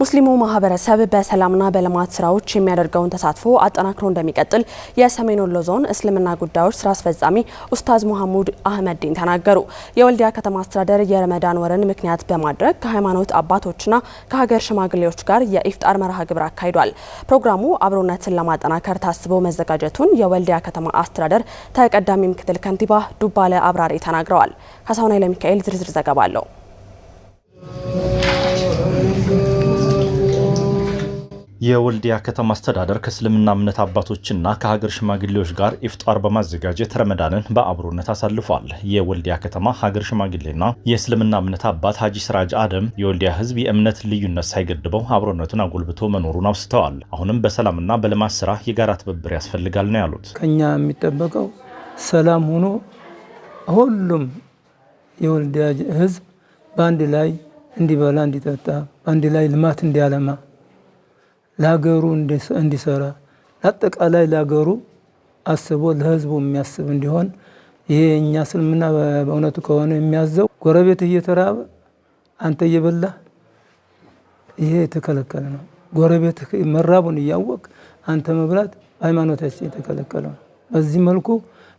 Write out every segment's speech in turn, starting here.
ሙስሊሙ ማህበረሰብ በሰላምና በልማት ስራዎች የሚያደርገውን ተሳትፎ አጠናክሮ እንደሚቀጥል የሰሜን ወሎ ዞን እስልምና ጉዳዮች ስራ አስፈጻሚ ኡስታዝ መሐሙድ አህመድ ዲን ተናገሩ። የወልዲያ ከተማ አስተዳደር የረመዳን ወርን ምክንያት በማድረግ ከሃይማኖት አባቶችና ከሀገር ሽማግሌዎች ጋር የኢፍጣር መርሃ ግብር አካሂዷል። ፕሮግራሙ አብሮነትን ለማጠናከር ታስቦ መዘጋጀቱን የወልዲያ ከተማ አስተዳደር ተቀዳሚ ምክትል ከንቲባ ዱባለ አብራሪ ተናግረዋል። ከሳሁናይ ለሚካኤል ዝርዝር ዘገባ አለው። የወልዲያ ከተማ አስተዳደር ከእስልምና እምነት አባቶችና ከሀገር ሽማግሌዎች ጋር ኢፍጧር በማዘጋጀት ረመዳንን በአብሮነት አሳልፏል። የወልዲያ ከተማ ሀገር ሽማግሌና የእስልምና እምነት አባት ሀጂ ስራጅ አደም የወልዲያ ሕዝብ የእምነት ልዩነት ሳይገድበው አብሮነቱን አጎልብቶ መኖሩን አውስተዋል። አሁንም በሰላምና በልማት ስራ የጋራ ትብብር ያስፈልጋል ነው ያሉት። ከኛ የሚጠበቀው ሰላም ሆኖ ሁሉም የወልዲያ ሕዝብ በአንድ ላይ እንዲበላ እንዲጠጣ፣ በአንድ ላይ ልማት እንዲያለማ ለሀገሩ እንዲሰራ ለአጠቃላይ ለሀገሩ አስቦ ለህዝቡ የሚያስብ እንዲሆን ይሄ እኛ እስልምና በእውነቱ ከሆነ የሚያዘው ጎረቤት እየተራበ አንተ እየበላ ይሄ የተከለከለ ነው። ጎረቤት መራቡን እያወቅ አንተ መብላት ሃይማኖታችን የተከለከለ ነው። በዚህ መልኩ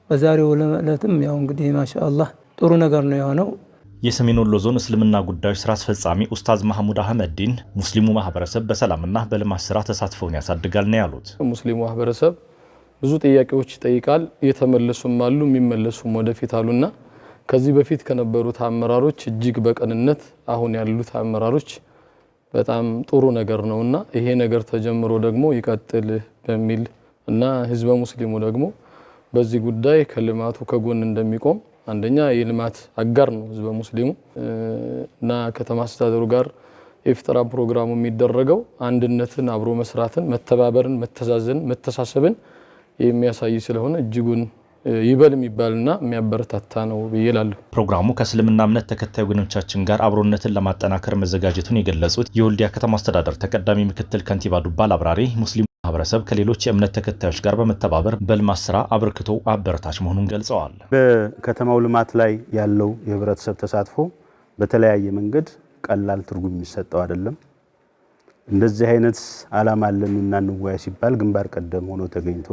በዛሬው ዕለትም ያው እንግዲህ ማሻ አላህ ጥሩ ነገር ነው የሆነው። የሰሜን ወሎ ዞን እስልምና ጉዳዮች ስራ አስፈጻሚ ኡስታዝ ማህሙድ ዲን ሙስሊሙ ማህበረሰብ በሰላምና በልማት ስራ ተሳትፎውን ያሳድጋል ነው ያሉት። ሙስሊሙ ማህበረሰብ ብዙ ጥያቄዎች ይጠይቃል፣ የተመለሱም አሉ፣ የሚመለሱም ወደፊት አሉና ከዚህ በፊት ከነበሩት አመራሮች እጅግ በቅንነት አሁን ያሉት አመራሮች በጣም ጥሩ ነገር ነውና ይሄ ነገር ተጀምሮ ደግሞ ይቀጥል በሚል እና ህዝበ ሙስሊሙ ደግሞ በዚህ ጉዳይ ከልማቱ ከጎን እንደሚቆም አንደኛ የልማት አጋር ነው ህዝበ ሙስሊሙ እና ከተማ አስተዳደሩ ጋር የፍጠራ ፕሮግራሙ የሚደረገው አንድነትን፣ አብሮ መስራትን፣ መተባበርን፣ መተዛዘን፣ መተሳሰብን የሚያሳይ ስለሆነ እጅጉን ይበል የሚባልና የሚያበረታታ ነው ብዬ እላለሁ። ፕሮግራሙ ከእስልምና እምነት ተከታይ ወገኖቻችን ጋር አብሮነትን ለማጠናከር መዘጋጀቱን የገለጹት የወልዲያ ከተማ አስተዳደር ተቀዳሚ ምክትል ከንቲባ ዱባል አብራሪ ሙስሊም ማህበረሰብ ከሌሎች የእምነት ተከታዮች ጋር በመተባበር በልማት ስራ አበርክቶ አበረታች መሆኑን ገልጸዋል። በከተማው ልማት ላይ ያለው የህብረተሰብ ተሳትፎ በተለያየ መንገድ ቀላል ትርጉም የሚሰጠው አይደለም። እንደዚህ አይነት ዓላማ አለን እና እንወያይ ሲባል ግንባር ቀደም ሆኖ ተገኝቶ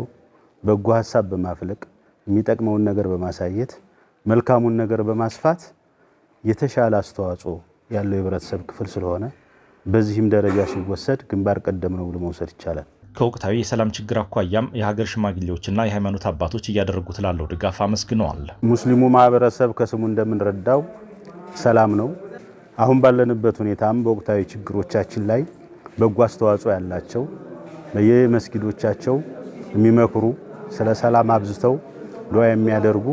በጎ ሀሳብ በማፍለቅ የሚጠቅመውን ነገር በማሳየት መልካሙን ነገር በማስፋት የተሻለ አስተዋጽኦ ያለው የህብረተሰብ ክፍል ስለሆነ በዚህም ደረጃ ሲወሰድ ግንባር ቀደም ነው ብሎ መውሰድ ይቻላል። ከወቅታዊ የሰላም ችግር አኳያም የሀገር ሽማግሌዎችና የሃይማኖት አባቶች እያደረጉት ላለው ድጋፍ አመስግነዋል። ሙስሊሙ ማህበረሰብ ከስሙ እንደምንረዳው ሰላም ነው። አሁን ባለንበት ሁኔታም በወቅታዊ ችግሮቻችን ላይ በጎ አስተዋጽኦ ያላቸው በየመስጊዶቻቸው የሚመክሩ ስለ ሰላም አብዝተው ዱዓ የሚያደርጉ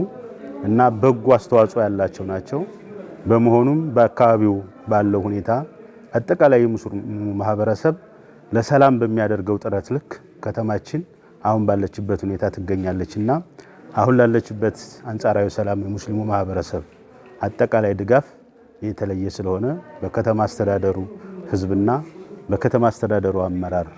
እና በጎ አስተዋጽኦ ያላቸው ናቸው። በመሆኑም በአካባቢው ባለው ሁኔታ አጠቃላይ ሙስሊሙ ማህበረሰብ ለሰላም በሚያደርገው ጥረት ልክ ከተማችን አሁን ባለችበት ሁኔታ ትገኛለች እና አሁን ላለችበት አንጻራዊ ሰላም የሙስሊሙ ማህበረሰብ አጠቃላይ ድጋፍ የተለየ ስለሆነ በከተማ አስተዳደሩ ህዝብና በከተማ አስተዳደሩ አመራር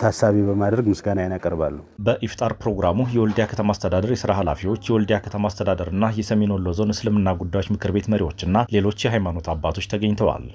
ታሳቢ በማድረግ ምስጋና ያቀርባሉ። በኢፍጣር ፕሮግራሙ የወልዲያ ከተማ አስተዳደር የስራ ኃላፊዎች፣ የወልዲያ ከተማ አስተዳደርና የሰሜን ወሎ ዞን እስልምና ጉዳዮች ምክር ቤት መሪዎችና ሌሎች የሃይማኖት አባቶች ተገኝተዋል።